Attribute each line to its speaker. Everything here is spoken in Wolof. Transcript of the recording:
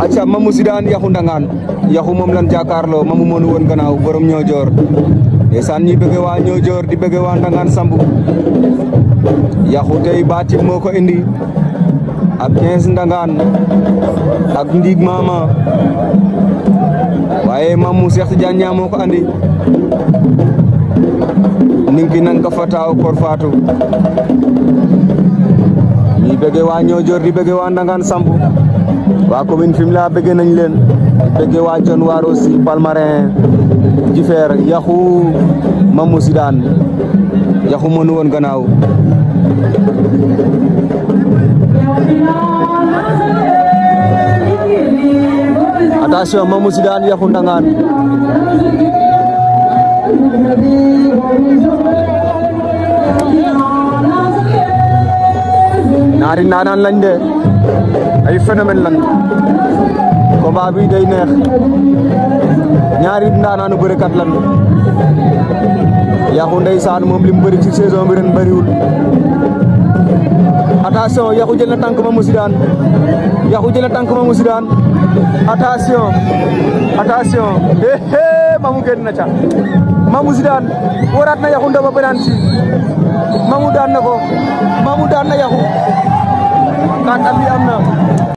Speaker 1: aca mamu sidan yahundangan ndangaan yaxu moom lan jakarlo mamu mënu woon gannaaw borom ñoojoor ñi bëgg wa ñojor di bëgg wa ndangan sambu Ya tey moko indi ak 15 ndangan ak ndig mama waye mamu Cheikh Tidiane Niang andi ninki nang ka fataw kor fatu ñi bëgg wa ñojor di bëgg wa ndangan sambu waa commune Fimela bëggee nañ leen bëggee waa Thion Palmarin Jifeer yaxu Mamou Sidaan yaxu mënu woon gannaaw
Speaker 2: attention Mamou Sidaan yaxu Ndangaan
Speaker 3: ñaari ndaanaan lañ de ay phénomène lan combat bi day neex ñaari ndaanaanu bërekat lan
Speaker 1: Yaxu ndeysaan moom li mu bëri ci saison bi ren bëriwul Yaxu jël na tànk ma musi daan Yaxu jël na tànk ma musi daan attention attention éé mamu génn na ca mamu si daan waraat na Yaxu ndaba benaan si mamu daan na ko mamu daan na Yaxu kàttan bi am na